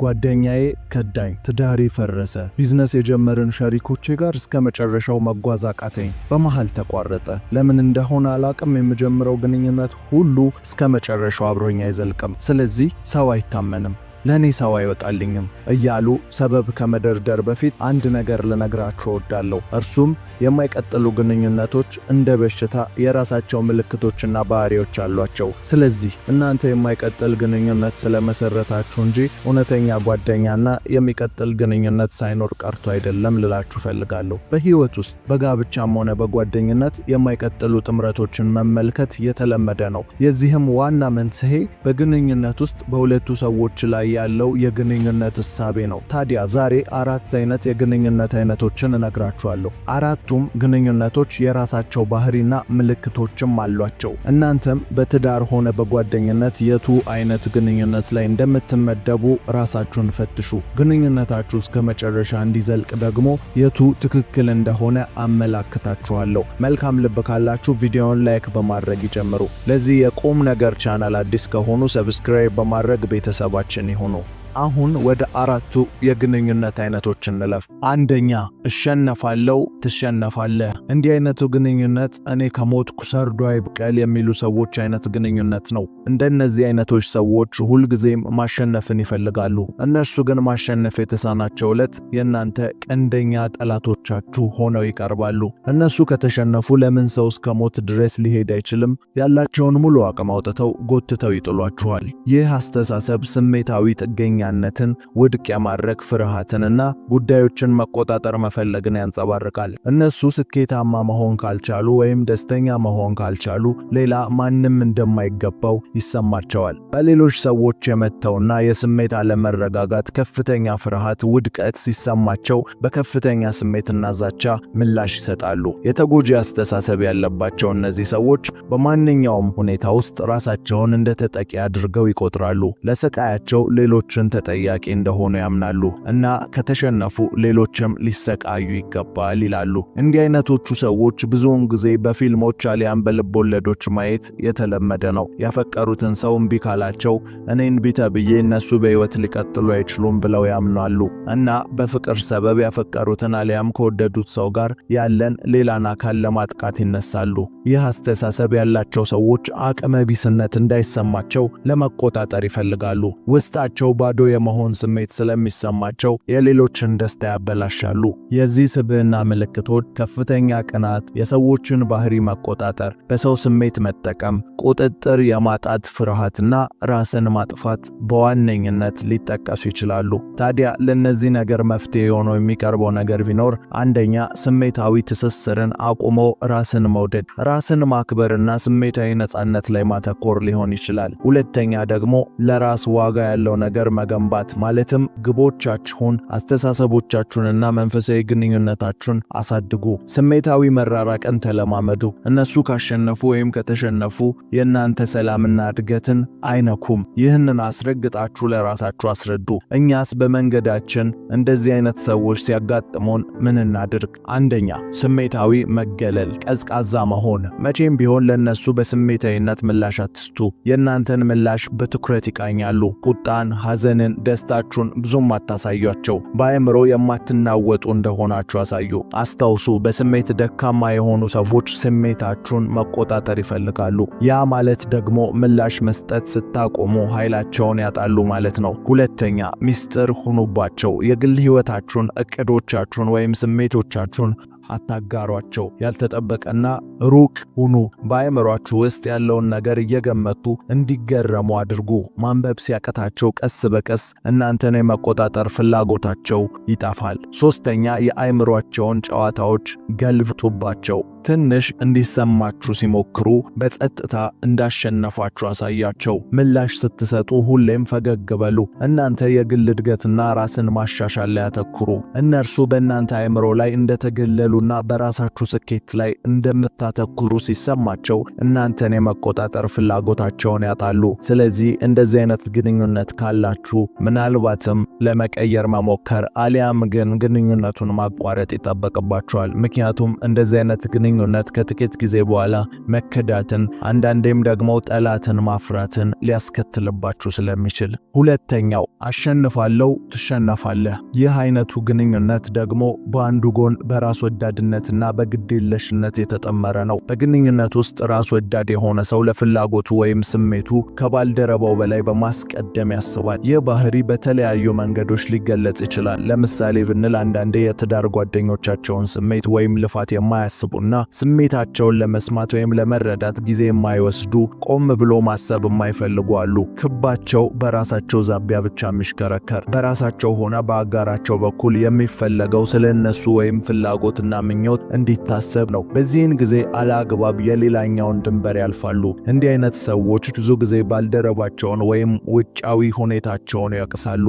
ጓደኛዬ ከዳኝ፣ ትዳሬ ፈረሰ፣ ቢዝነስ የጀመርን ሸሪኮቼ ጋር እስከ መጨረሻው መጓዝ አቃተኝ፣ በመሃል ተቋረጠ። ለምን እንደሆነ አላቅም። የምጀምረው ግንኙነት ሁሉ እስከ መጨረሻው አብሮኝ አይዘልቅም። ስለዚህ ሰው አይታመንም። ለእኔ ሰው አይወጣልኝም እያሉ ሰበብ ከመደርደር በፊት አንድ ነገር ልነግራችሁ እወዳለሁ። እርሱም የማይቀጥሉ ግንኙነቶች እንደ በሽታ የራሳቸው ምልክቶችና ባህሪዎች አሏቸው። ስለዚህ እናንተ የማይቀጥል ግንኙነት ስለመሰረታችሁ እንጂ እውነተኛ ጓደኛና የሚቀጥል ግንኙነት ሳይኖር ቀርቶ አይደለም ልላችሁ ፈልጋለሁ። በህይወት ውስጥ በጋብቻም ሆነ በጓደኝነት የማይቀጥሉ ጥምረቶችን መመልከት የተለመደ ነው። የዚህም ዋና መንስኤ በግንኙነት ውስጥ በሁለቱ ሰዎች ላይ ያለው የግንኙነት እሳቤ ነው። ታዲያ ዛሬ አራት አይነት የግንኙነት አይነቶችን እነግራችኋለሁ። አራቱም ግንኙነቶች የራሳቸው ባህሪና ምልክቶችም አሏቸው። እናንተም በትዳር ሆነ በጓደኝነት የቱ አይነት ግንኙነት ላይ እንደምትመደቡ ራሳችሁን ፈትሹ። ግንኙነታችሁ እስከ መጨረሻ እንዲዘልቅ ደግሞ የቱ ትክክል እንደሆነ አመላክታችኋለሁ። መልካም ልብ ካላችሁ ቪዲዮውን ላይክ በማድረግ ይጀምሩ። ለዚህ የቁም ነገር ቻናል አዲስ ከሆኑ ሰብስክራይብ በማድረግ ቤተሰባችን 本の አሁን ወደ አራቱ የግንኙነት አይነቶች እንለፍ። አንደኛ እሸነፋለው፣ ትሸነፋለህ። እንዲህ አይነቱ ግንኙነት እኔ ከሞትኩ ሰርዶ አይብቀል የሚሉ ሰዎች አይነት ግንኙነት ነው። እንደነዚህ አይነቶች ሰዎች ሁልጊዜም ማሸነፍን ይፈልጋሉ። እነሱ ግን ማሸነፍ የተሳናቸው ዕለት የእናንተ ቀንደኛ ጠላቶቻችሁ ሆነው ይቀርባሉ። እነሱ ከተሸነፉ ለምን ሰው እስከ ሞት ድረስ ሊሄድ አይችልም? ያላቸውን ሙሉ አቅም አውጥተው ጎትተው ይጥሏችኋል። ይህ አስተሳሰብ ስሜታዊ ጥገኛ ጥገኛነትን ውድቅ የማድረግ ፍርሃትንና ጉዳዮችን መቆጣጠር መፈለግን ያንጸባርቃል። እነሱ ስኬታማ መሆን ካልቻሉ ወይም ደስተኛ መሆን ካልቻሉ ሌላ ማንም እንደማይገባው ይሰማቸዋል። በሌሎች ሰዎች የመተውና የስሜት አለመረጋጋት ከፍተኛ ፍርሃት ውድቀት ሲሰማቸው በከፍተኛ ስሜትና ዛቻ ምላሽ ይሰጣሉ። የተጎጂ አስተሳሰብ ያለባቸው እነዚህ ሰዎች በማንኛውም ሁኔታ ውስጥ ራሳቸውን እንደ ተጠቂ አድርገው ይቆጥራሉ። ለስቃያቸው ሌሎችን ተጠያቂ እንደሆኑ ያምናሉ እና ከተሸነፉ ሌሎችም ሊሰቃዩ ይገባል ይላሉ። እንዲህ አይነቶቹ ሰዎች ብዙውን ጊዜ በፊልሞች አሊያም ወለዶች ማየት የተለመደ ነው። ያፈቀሩትን ሰው እምቢ ካላቸው እኔን ቢተ ብዬ እነሱ በሕይወት ሊቀጥሉ አይችሉም ብለው ያምናሉ እና በፍቅር ሰበብ ያፈቀሩትን አሊያም ከወደዱት ሰው ጋር ያለን ሌላን አካል ለማጥቃት ይነሳሉ። ይህ አስተሳሰብ ያላቸው ሰዎች አቅመ ቢስነት እንዳይሰማቸው ለመቆጣጠር ይፈልጋሉ። ውስጣቸው ባዶ ባዶ የመሆን ስሜት ስለሚሰማቸው የሌሎችን ደስታ ያበላሻሉ። የዚህ ስብዕና ምልክቶች ከፍተኛ ቅናት፣ የሰዎችን ባህሪ መቆጣጠር፣ በሰው ስሜት መጠቀም፣ ቁጥጥር የማጣት ፍርሃትና ራስን ማጥፋት በዋነኝነት ሊጠቀሱ ይችላሉ። ታዲያ ለነዚህ ነገር መፍትሄ የሆነው የሚቀርበው ነገር ቢኖር አንደኛ ስሜታዊ ትስስርን አቁሞ ራስን መውደድ፣ ራስን ማክበርና ስሜታዊ ነፃነት ላይ ማተኮር ሊሆን ይችላል። ሁለተኛ ደግሞ ለራስ ዋጋ ያለው ነገር መገንባት ማለትም ግቦቻችሁን፣ አስተሳሰቦቻችሁንና መንፈሳዊ ግንኙነታችሁን አሳድጉ። ስሜታዊ መራራቅን ተለማመዱ። እነሱ ካሸነፉ ወይም ከተሸነፉ የእናንተ ሰላምና እድገትን አይነኩም። ይህንን አስረግጣችሁ ለራሳችሁ አስረዱ። እኛስ በመንገዳችን እንደዚህ አይነት ሰዎች ሲያጋጥሙን ምን እናድርግ? አንደኛ ስሜታዊ መገለል፣ ቀዝቃዛ መሆን። መቼም ቢሆን ለነሱ በስሜታዊነት ምላሽ አትስቱ። የእናንተን ምላሽ በትኩረት ይቃኛሉ። ቁጣን፣ ሐዘን ያንን ደስታችሁን ብዙም አታሳያቸው። በአእምሮ የማትናወጡ እንደሆናችሁ አሳዩ። አስታውሱ፣ በስሜት ደካማ የሆኑ ሰዎች ስሜታችሁን መቆጣጠር ይፈልጋሉ። ያ ማለት ደግሞ ምላሽ መስጠት ስታቆሙ ኃይላቸውን ያጣሉ ማለት ነው። ሁለተኛ፣ ሚስጥር ሁኑባቸው። የግል ህይወታችሁን፣ እቅዶቻችሁን ወይም ስሜቶቻችሁን አታጋሯቸው። ያልተጠበቀና ሩቅ ሁኑ። በአእምሯችሁ ውስጥ ያለውን ነገር እየገመቱ እንዲገረሙ አድርጉ። ማንበብ ሲያቀታቸው ቀስ በቀስ እናንተን የመቆጣጠር ፍላጎታቸው ይጠፋል። ሶስተኛ፣ የአእምሯቸውን ጨዋታዎች ገልብጡባቸው። ትንሽ እንዲሰማችሁ ሲሞክሩ በጸጥታ እንዳሸነፋችሁ አሳያቸው። ምላሽ ስትሰጡ ሁሌም ፈገግ በሉ። እናንተ የግል እድገትና ራስን ማሻሻል ላይ አተኩሩ። እነርሱ በእናንተ አእምሮ ላይ እንደተገለሉና በራሳችሁ ስኬት ላይ እንደምታተኩሩ ሲሰማቸው እናንተን የመቆጣጠር ፍላጎታቸውን ያጣሉ። ስለዚህ እንደዚህ አይነት ግንኙነት ካላችሁ ምናልባትም ለመቀየር መሞከር አሊያም ግን ግንኙነቱን ማቋረጥ ይጠበቅባችኋል። ምክንያቱም እንደዚህ አይነት ግንኙነት ግንኙነት ከጥቂት ጊዜ በኋላ መከዳትን አንዳንዴም ደግሞ ጠላትን ማፍራትን ሊያስከትልባችሁ ስለሚችል። ሁለተኛው አሸንፋለሁ፣ ትሸነፋለህ። ይህ አይነቱ ግንኙነት ደግሞ በአንዱ ጎን በራስ ወዳድነትና በግዴለሽነት የተጠመረ ነው። በግንኙነት ውስጥ ራስ ወዳድ የሆነ ሰው ለፍላጎቱ ወይም ስሜቱ ከባልደረባው በላይ በማስቀደም ያስባል። ይህ ባህሪ በተለያዩ መንገዶች ሊገለጽ ይችላል። ለምሳሌ ብንል አንዳንዴ የትዳር ጓደኞቻቸውን ስሜት ወይም ልፋት የማያስቡና ስሜታቸውን ለመስማት ወይም ለመረዳት ጊዜ የማይወስዱ ቆም ብሎ ማሰብ የማይፈልጉ አሉ። ክባቸው በራሳቸው ዛቢያ ብቻ የሚሽከረከር በራሳቸው ሆነ በአጋራቸው በኩል የሚፈለገው ስለ እነሱ ወይም ፍላጎትና ምኞት እንዲታሰብ ነው። በዚህን ጊዜ አለአግባብ የሌላኛውን ድንበር ያልፋሉ። እንዲህ አይነት ሰዎች ብዙ ጊዜ ባልደረባቸውን ወይም ውጫዊ ሁኔታቸውን ያቅሳሉ።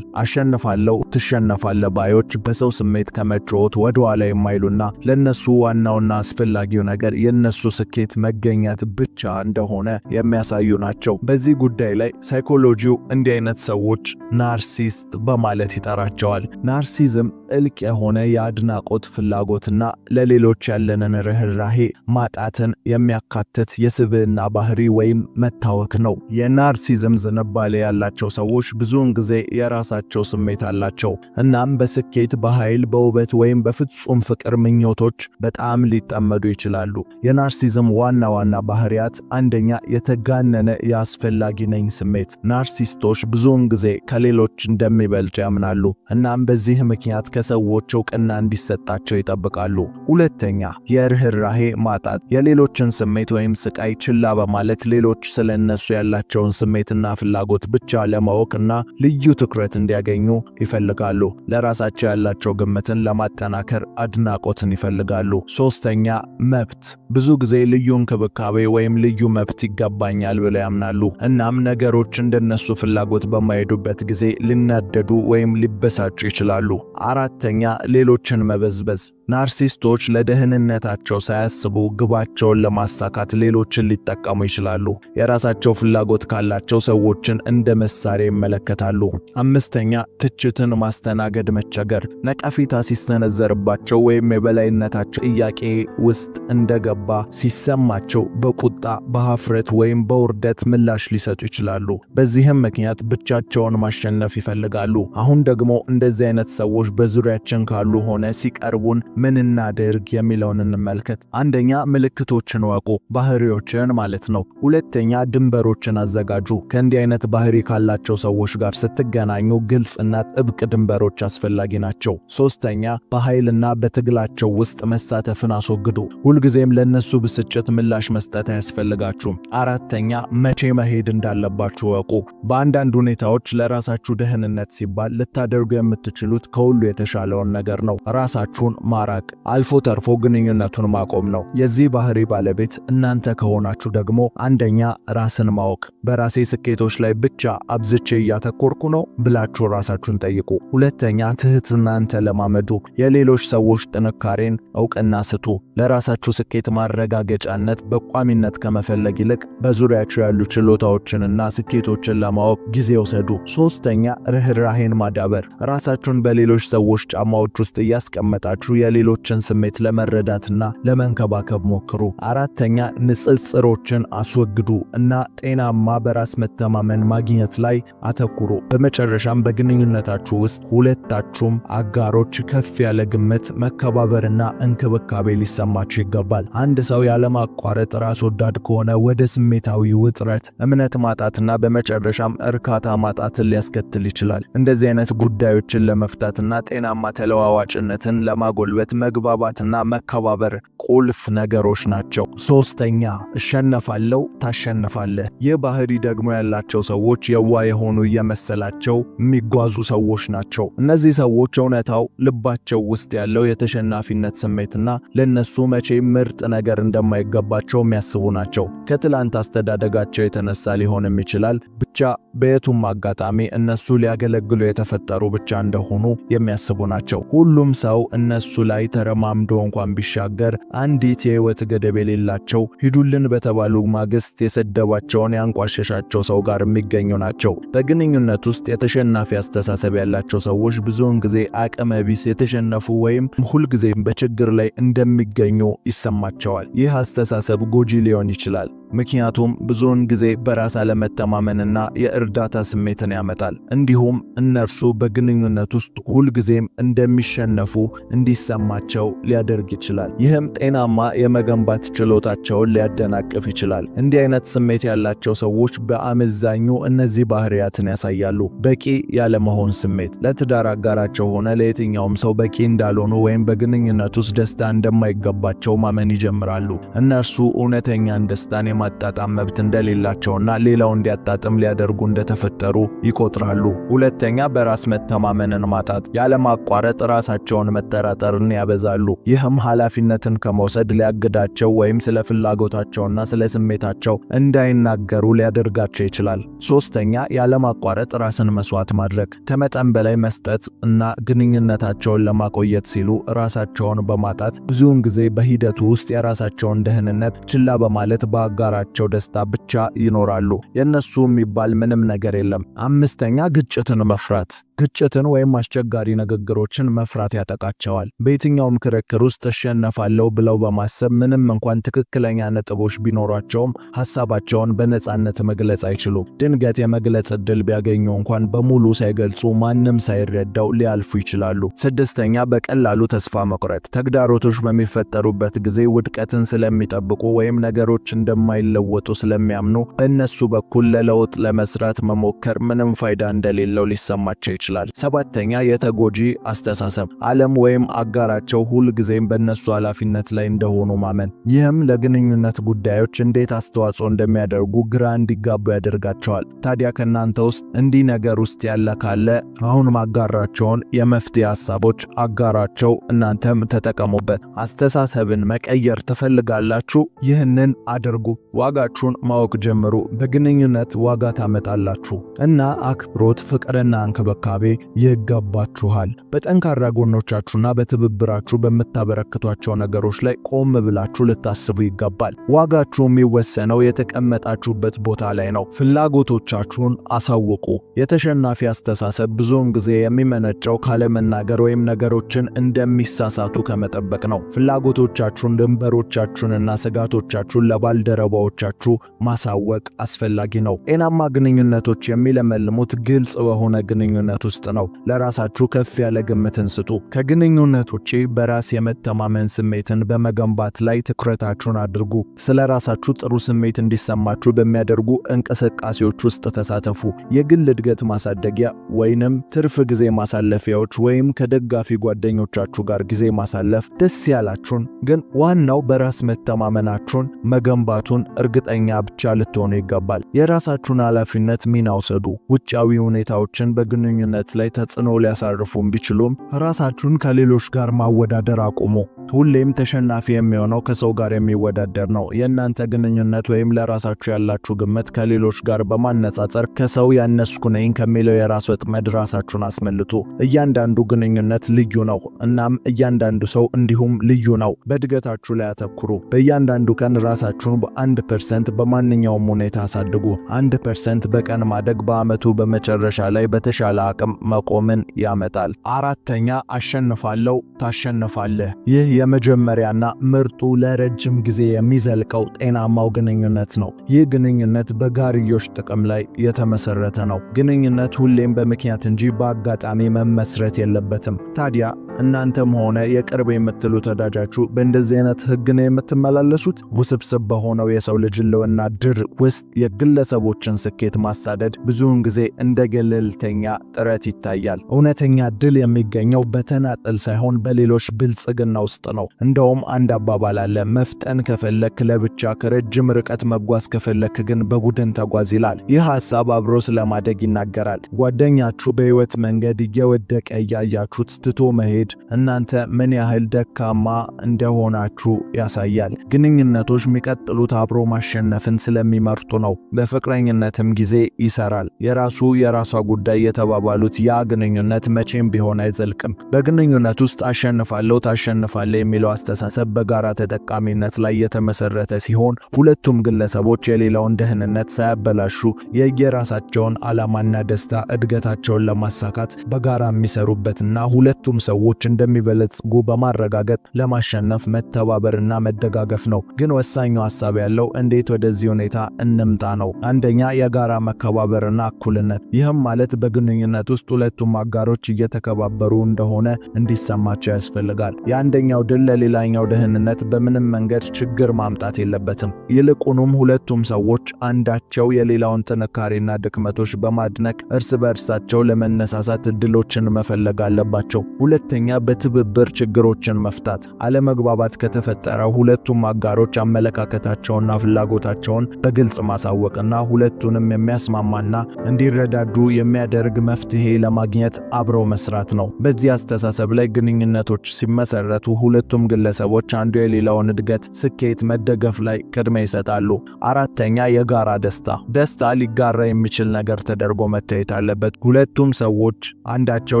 አሸንፋለሁ፣ ትሸነፋለ ባዮች በሰው ስሜት ከመጫወት ወደኋላ የማይሉና ለእነሱ ዋናውና አስፈላጊው ነገር የእነሱ ስኬት መገኘት ብቻ እንደሆነ የሚያሳዩ ናቸው። በዚህ ጉዳይ ላይ ሳይኮሎጂው እንዲህ አይነት ሰዎች ናርሲስት በማለት ይጠራቸዋል። ናርሲዝም ጥልቅ የሆነ የአድናቆት ፍላጎትና ለሌሎች ያለንን ርኅራሄ ማጣትን የሚያካትት የስብዕና ባህሪ ወይም መታወክ ነው። የናርሲዝም ዝንባሌ ያላቸው ሰዎች ብዙውን ጊዜ የራሳቸው ስሜት አላቸው። እናም በስኬት፣ በኃይል፣ በውበት ወይም በፍጹም ፍቅር ምኞቶች በጣም ሊጠመ ሊዛመዱ ይችላሉ። የናርሲዝም ዋና ዋና ባህሪያት አንደኛ፣ የተጋነነ የአስፈላጊ ነኝ ስሜት። ናርሲስቶች ብዙውን ጊዜ ከሌሎች እንደሚበልጡ ያምናሉ፣ እናም በዚህ ምክንያት ከሰዎች እውቅና እንዲሰጣቸው ይጠብቃሉ። ሁለተኛ፣ የርህራሄ ማጣት። የሌሎችን ስሜት ወይም ስቃይ ችላ በማለት ሌሎች ስለ እነሱ ያላቸውን ስሜትና ፍላጎት ብቻ ለማወቅ እና ልዩ ትኩረት እንዲያገኙ ይፈልጋሉ። ለራሳቸው ያላቸው ግምትን ለማጠናከር አድናቆትን ይፈልጋሉ። ሶስተኛ መብት ብዙ ጊዜ ልዩ እንክብካቤ ወይም ልዩ መብት ይገባኛል ብለው ያምናሉ። እናም ነገሮች እንደነሱ ፍላጎት በማይሄዱበት ጊዜ ሊናደዱ ወይም ሊበሳጩ ይችላሉ። አራተኛ ሌሎችን መበዝበዝ ናርሲስቶች ለደህንነታቸው ሳያስቡ ግባቸውን ለማሳካት ሌሎችን ሊጠቀሙ ይችላሉ። የራሳቸው ፍላጎት ካላቸው ሰዎችን እንደ መሳሪያ ይመለከታሉ። አምስተኛ ትችትን ማስተናገድ መቸገር። ነቀፊታ ሲሰነዘርባቸው ወይም የበላይነታቸው ጥያቄ ውስጥ እንደገባ ሲሰማቸው በቁጣ በሀፍረት ወይም በውርደት ምላሽ ሊሰጡ ይችላሉ። በዚህም ምክንያት ብቻቸውን ማሸነፍ ይፈልጋሉ። አሁን ደግሞ እንደዚህ አይነት ሰዎች በዙሪያችን ካሉ ሆነ ሲቀርቡን ምን እናድርግ የሚለውን እንመልከት። አንደኛ ምልክቶችን ወቁ፣ ባህሪዎችን ማለት ነው። ሁለተኛ ድንበሮችን አዘጋጁ። ከእንዲህ አይነት ባህሪ ካላቸው ሰዎች ጋር ስትገናኙ ግልጽና ጥብቅ ድንበሮች አስፈላጊ ናቸው። ሶስተኛ በኃይልና በትግላቸው ውስጥ መሳተፍን አስወግዱ። ሁልጊዜም ለእነሱ ብስጭት ምላሽ መስጠት አያስፈልጋችሁም። አራተኛ መቼ መሄድ እንዳለባችሁ ወቁ። በአንዳንድ ሁኔታዎች ለራሳችሁ ደህንነት ሲባል ልታደርጉ የምትችሉት ከሁሉ የተሻለውን ነገር ነው። ራሳችሁን ማ ማራቅ አልፎ ተርፎ ግንኙነቱን ማቆም ነው። የዚህ ባህሪ ባለቤት እናንተ ከሆናችሁ ደግሞ አንደኛ ራስን ማወቅ፣ በራሴ ስኬቶች ላይ ብቻ አብዝቼ እያተኮርኩ ነው ብላችሁ ራሳችሁን ጠይቁ። ሁለተኛ ትህትናን ተለማመዱ። የሌሎች ሰዎች ጥንካሬን እውቅና ስጡ። ለራሳችሁ ስኬት ማረጋገጫነት በቋሚነት ከመፈለግ ይልቅ በዙሪያችሁ ያሉ ችሎታዎችንና ስኬቶችን ለማወቅ ጊዜ ውሰዱ። ሶስተኛ ርኅራሄን ማዳበር። ራሳችሁን በሌሎች ሰዎች ጫማዎች ውስጥ እያስቀመጣችሁ የሌሎችን ስሜት ለመረዳትና ለመንከባከብ ሞክሩ። አራተኛ ንጽጽሮችን አስወግዱ እና ጤናማ በራስ መተማመን ማግኘት ላይ አተኩሩ። በመጨረሻም በግንኙነታችሁ ውስጥ ሁለታችሁም አጋሮች ከፍ ያለ ግምት፣ መከባበርና እንክብካቤ ሊሰማችሁ ይገባል። አንድ ሰው ያለማቋረጥ ራስ ወዳድ ከሆነ ወደ ስሜታዊ ውጥረት፣ እምነት ማጣትና በመጨረሻም እርካታ ማጣትን ሊያስከትል ይችላል። እንደዚህ አይነት ጉዳዮችን ለመፍታትና ጤናማ ተለዋዋጭነትን ለማጎልበት ማለት መግባባትና መከባበር ቁልፍ ነገሮች ናቸው። ሶስተኛ እሸነፋለሁ፣ ታሸንፋለህ። ይህ ባህሪ ደግሞ ያላቸው ሰዎች የዋ የሆኑ እየመሰላቸው የሚጓዙ ሰዎች ናቸው። እነዚህ ሰዎች እውነታው ልባቸው ውስጥ ያለው የተሸናፊነት ስሜትና ለነሱ መቼ ምርጥ ነገር እንደማይገባቸው የሚያስቡ ናቸው። ከትላንት አስተዳደጋቸው የተነሳ ሊሆንም ይችላል ብቻ በየቱም አጋጣሚ እነሱ ሊያገለግሉ የተፈጠሩ ብቻ እንደሆኑ የሚያስቡ ናቸው። ሁሉም ሰው እነሱ ላይ ላይ ተረማምዶ እንኳን ቢሻገር አንዲት የህይወት ገደብ የሌላቸው ሂዱልን በተባሉ ማግስት የሰደባቸውን ያንቋሸሻቸው ሰው ጋር የሚገኙ ናቸው። በግንኙነት ውስጥ የተሸናፊ አስተሳሰብ ያላቸው ሰዎች ብዙውን ጊዜ አቅመ ቢስ፣ የተሸነፉ ወይም ሁልጊዜ በችግር ላይ እንደሚገኙ ይሰማቸዋል። ይህ አስተሳሰብ ጎጂ ሊሆን ይችላል። ምክንያቱም ብዙውን ጊዜ በራስ አለመተማመንና የእርዳታ ስሜትን ያመጣል። እንዲሁም እነርሱ በግንኙነት ውስጥ ሁልጊዜም እንደሚሸነፉ እንዲሰ እንዲሰማቸው ሊያደርግ ይችላል። ይህም ጤናማ የመገንባት ችሎታቸውን ሊያደናቅፍ ይችላል። እንዲህ አይነት ስሜት ያላቸው ሰዎች በአመዛኙ እነዚህ ባህሪያትን ያሳያሉ። በቂ ያለመሆን ስሜት፣ ለትዳር አጋራቸው ሆነ ለየትኛውም ሰው በቂ እንዳልሆኑ ወይም በግንኙነት ውስጥ ደስታ እንደማይገባቸው ማመን ይጀምራሉ። እነርሱ እውነተኛን ደስታን የማጣጣም መብት እንደሌላቸውና ሌላው እንዲያጣጥም ሊያደርጉ እንደተፈጠሩ ይቆጥራሉ። ሁለተኛ፣ በራስ መተማመንን ማጣት፣ ያለማቋረጥ ራሳቸውን መጠራጠርን ነገርን ያበዛሉ። ይህም ኃላፊነትን ከመውሰድ ሊያግዳቸው ወይም ስለ ፍላጎታቸውና ስለ ስሜታቸው እንዳይናገሩ ሊያደርጋቸው ይችላል። ሶስተኛ፣ ያለማቋረጥ ራስን መስዋዕት ማድረግ ከመጠን በላይ መስጠት እና ግንኙነታቸውን ለማቆየት ሲሉ ራሳቸውን በማጣት ብዙውን ጊዜ በሂደቱ ውስጥ የራሳቸውን ደህንነት ችላ በማለት በአጋራቸው ደስታ ብቻ ይኖራሉ። የእነሱ የሚባል ምንም ነገር የለም። አምስተኛ፣ ግጭትን መፍራት ግጭትን ወይም አስቸጋሪ ንግግሮችን መፍራት ያጠቃቸዋል። በየትኛውም ክርክር ውስጥ ተሸነፋለው ብለው በማሰብ ምንም እንኳን ትክክለኛ ነጥቦች ቢኖሯቸውም ሐሳባቸውን በነፃነት መግለጽ አይችሉም። ድንገት የመግለጽ እድል ቢያገኙ እንኳን በሙሉ ሳይገልጹ ማንም ሳይረዳው ሊያልፉ ይችላሉ። ስድስተኛ፣ በቀላሉ ተስፋ መቁረጥ። ተግዳሮቶች በሚፈጠሩበት ጊዜ ውድቀትን ስለሚጠብቁ ወይም ነገሮች እንደማይለወጡ ስለሚያምኑ በእነሱ በኩል ለለውጥ ለመስራት መሞከር ምንም ፋይዳ እንደሌለው ሊሰማቸው ይችላል። ሰባተኛ፣ የተጎጂ አስተሳሰብ ዓለም ወይም አጋ ትዳራቸው ጊዜም በእነሱ ኃላፊነት ላይ እንደሆኑ ማመን፣ ይህም ለግንኙነት ጉዳዮች እንዴት አስተዋጽኦ እንደሚያደርጉ ግራ እንዲጋቡ ያደርጋቸዋል። ታዲያ ከእናንተ ውስጥ እንዲህ ነገር ውስጥ ያለ ካለ አሁን ማጋራቸውን የመፍትሄ ሀሳቦች አጋራቸው፣ እናንተም ተጠቀሙበት። አስተሳሰብን መቀየር ትፈልጋላችሁ? ይህንን አድርጉ። ዋጋችሁን ማወቅ ጀምሩ። በግንኙነት ዋጋ ታመጣላችሁ እና አክብሮት፣ ፍቅርና እንክብካቤ ይገባችኋል። በጠንካራ ጎኖቻችሁና በትብብ ትብብራችሁ በምታበረክቷቸው ነገሮች ላይ ቆም ብላችሁ ልታስቡ ይገባል። ዋጋችሁ የሚወሰነው የተቀመጣችሁበት ቦታ ላይ ነው። ፍላጎቶቻችሁን አሳውቁ። የተሸናፊ አስተሳሰብ ብዙውን ጊዜ የሚመነጨው ካለመናገር ወይም ነገሮችን እንደሚሳሳቱ ከመጠበቅ ነው። ፍላጎቶቻችሁን፣ ድንበሮቻችሁንና ስጋቶቻችሁን ለባልደረባዎቻችሁ ማሳወቅ አስፈላጊ ነው። ጤናማ ግንኙነቶች የሚለመልሙት ግልጽ በሆነ ግንኙነት ውስጥ ነው። ለራሳችሁ ከፍ ያለ ግምትን ስጡ። ከግንኙነቶች ውጪ በራስ የመተማመን ስሜትን በመገንባት ላይ ትኩረታችሁን አድርጉ። ስለ ራሳችሁ ጥሩ ስሜት እንዲሰማችሁ በሚያደርጉ እንቅስቃሴዎች ውስጥ ተሳተፉ። የግል እድገት ማሳደጊያ ወይንም ትርፍ ጊዜ ማሳለፊያዎች ወይም ከደጋፊ ጓደኞቻችሁ ጋር ጊዜ ማሳለፍ ደስ ያላችሁን ግን ዋናው በራስ መተማመናችሁን መገንባቱን እርግጠኛ ብቻ ልትሆኑ ይገባል። የራሳችሁን ኃላፊነት ሚና ውሰዱ። ውጫዊ ሁኔታዎችን በግንኙነት ላይ ተጽዕኖ ሊያሳርፉም ቢችሉም ራሳችሁን ከሌሎች ጋር ማወዳደር አቁሙ። ሁሌም ተሸናፊ የሚሆነው ከሰው ጋር የሚወዳደር ነው። የእናንተ ግንኙነት ወይም ለራሳችሁ ያላችሁ ግምት ከሌሎች ጋር በማነጻጸር ከሰው ያነስኩ ነኝ ከሚለው የራስ ወጥመድ ራሳችሁን አስመልጡ። እያንዳንዱ ግንኙነት ልዩ ነው፣ እናም እያንዳንዱ ሰው እንዲሁም ልዩ ነው። በእድገታችሁ ላይ አተኩሩ። በእያንዳንዱ ቀን ራሳችሁን በአንድ ፐርሰንት በማንኛውም ሁኔታ አሳድጉ። አንድ ፐርሰንት በቀን ማደግ በዓመቱ በመጨረሻ ላይ በተሻለ አቅም መቆምን ያመጣል። አራተኛ አሸንፋለሁ ታሸንፋለህ። ይህ የመጀመሪያና ምርጡ ለረጅም ጊዜ የሚዘልቀው ጤናማው ግንኙነት ነው። ይህ ግንኙነት በጋርዮሽ ጥቅም ላይ የተመሰረተ ነው። ግንኙነት ሁሌም በምክንያት እንጂ በአጋጣሚ መመስረት የለበትም። ታዲያ እናንተም ሆነ የቅርብ የምትሉት ወዳጃችሁ በእንደዚህ አይነት ህግ ነው የምትመላለሱት? ውስብስብ በሆነው የሰው ልጅ ህልውና ድር ውስጥ የግለሰቦችን ስኬት ማሳደድ ብዙውን ጊዜ እንደ ገለልተኛ ጥረት ይታያል። እውነተኛ ድል የሚገኘው በተናጠል ሳይሆን በሌሎች ብልጽግና ውስጥ ነው። እንደውም አንድ አባባል አለ፣ መፍጠን ከፈለክ ለብቻ፣ ከረጅም ርቀት መጓዝ ከፈለክ ግን በቡድን ተጓዝ ይላል። ይህ ሐሳብ አብሮ ስለማደግ ይናገራል። ጓደኛችሁ በህይወት መንገድ እየወደቀ እያያችሁት ትቶ መሄድ መንገድ እናንተ ምን ያህል ደካማ እንደሆናችሁ ያሳያል። ግንኙነቶች የሚቀጥሉት አብሮ ማሸነፍን ስለሚመርጡ ነው። በፍቅረኝነትም ጊዜ ይሰራል። የራሱ የራሷ ጉዳይ የተባባሉት ያ ግንኙነት መቼም ቢሆን አይዘልቅም። በግንኙነት ውስጥ አሸንፋለሁ፣ ታሸንፋለ የሚለው አስተሳሰብ በጋራ ተጠቃሚነት ላይ የተመሰረተ ሲሆን ሁለቱም ግለሰቦች የሌላውን ደህንነት ሳያበላሹ የየራሳቸውን ዓላማና ደስታ እድገታቸውን ለማሳካት በጋራ የሚሰሩበትና ሁለቱም ሰዎች ግቦች እንደሚበለጽጉ በማረጋገጥ ለማሸነፍ መተባበርና መደጋገፍ ነው። ግን ወሳኙ ሀሳብ ያለው እንዴት ወደዚህ ሁኔታ እንምጣ ነው። አንደኛ የጋራ መከባበርና እኩልነት። ይህም ማለት በግንኙነት ውስጥ ሁለቱም አጋሮች እየተከባበሩ እንደሆነ እንዲሰማቸው ያስፈልጋል። የአንደኛው ድል ለሌላኛው ደህንነት በምንም መንገድ ችግር ማምጣት የለበትም። ይልቁኑም ሁለቱም ሰዎች አንዳቸው የሌላውን ጥንካሬና ድክመቶች በማድነቅ እርስ በእርሳቸው ለመነሳሳት እድሎችን መፈለግ አለባቸው። ሁለተኛ ሁለተኛ በትብብር ችግሮችን መፍታት። አለመግባባት ከተፈጠረ ሁለቱም አጋሮች አመለካከታቸውና ፍላጎታቸውን በግልጽ ማሳወቅና ሁለቱንም የሚያስማማና እንዲረዳዱ የሚያደርግ መፍትሄ ለማግኘት አብሮ መስራት ነው። በዚህ አስተሳሰብ ላይ ግንኙነቶች ሲመሰረቱ ሁለቱም ግለሰቦች አንዱ የሌላውን እድገት፣ ስኬት መደገፍ ላይ ቅድሚያ ይሰጣሉ። አራተኛ የጋራ ደስታ። ደስታ ሊጋራ የሚችል ነገር ተደርጎ መታየት አለበት። ሁለቱም ሰዎች አንዳቸው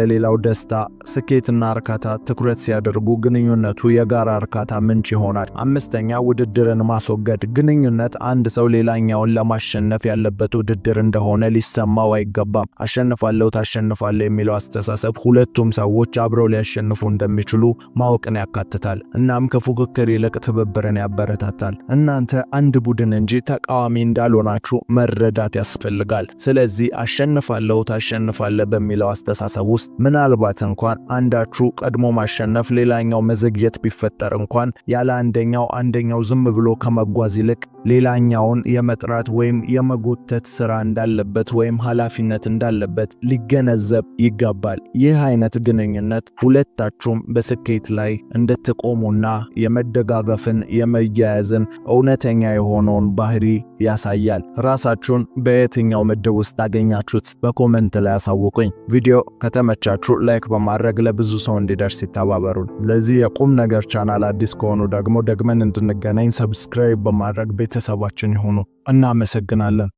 ለሌላው ደስታ ስኬትና እርካታ ትኩረት ሲያደርጉ ግንኙነቱ የጋራ እርካታ ምንጭ ይሆናል። አምስተኛ ውድድርን ማስወገድ። ግንኙነት አንድ ሰው ሌላኛውን ለማሸነፍ ያለበት ውድድር እንደሆነ ሊሰማው አይገባም። አሸንፋለሁ፣ ታሸንፋለህ የሚለው አስተሳሰብ ሁለቱም ሰዎች አብረው ሊያሸንፉ እንደሚችሉ ማወቅን ያካትታል። እናም ከፉክክር ይልቅ ትብብርን ያበረታታል። እናንተ አንድ ቡድን እንጂ ተቃዋሚ እንዳልሆናችሁ መረዳት ያስፈልጋል። ስለዚህ አሸንፋለሁ፣ ታሸንፋለህ በሚለው አስተሳሰብ ውስጥ ምናልባት እንኳን አንዳ ተጫዋቹ ቀድሞ ማሸነፍ፣ ሌላኛው መዘግየት ቢፈጠር እንኳን ያለ አንደኛው አንደኛው ዝም ብሎ ከመጓዝ ይልቅ ሌላኛውን የመጥራት ወይም የመጎተት ስራ እንዳለበት ወይም ኃላፊነት እንዳለበት ሊገነዘብ ይገባል። ይህ አይነት ግንኙነት ሁለታችሁም በስኬት ላይ እንድትቆሙና የመደጋገፍን የመያያዝን እውነተኛ የሆነውን ባህሪ ያሳያል። ራሳችሁን በየትኛው ምድብ ውስጥ ታገኛችሁት? በኮመንት ላይ አሳውቁኝ። ቪዲዮ ከተመቻችሁ ላይክ በማድረግ ለብዙ ሰው እንዲደርስ ይተባበሩን። ለዚህ የቁም ነገር ቻናል አዲስ ከሆኑ ደግሞ ደግመን እንድንገናኝ ሰብስክራይብ በማድረግ ቤተሰባችን ይሁኑ። እናመሰግናለን።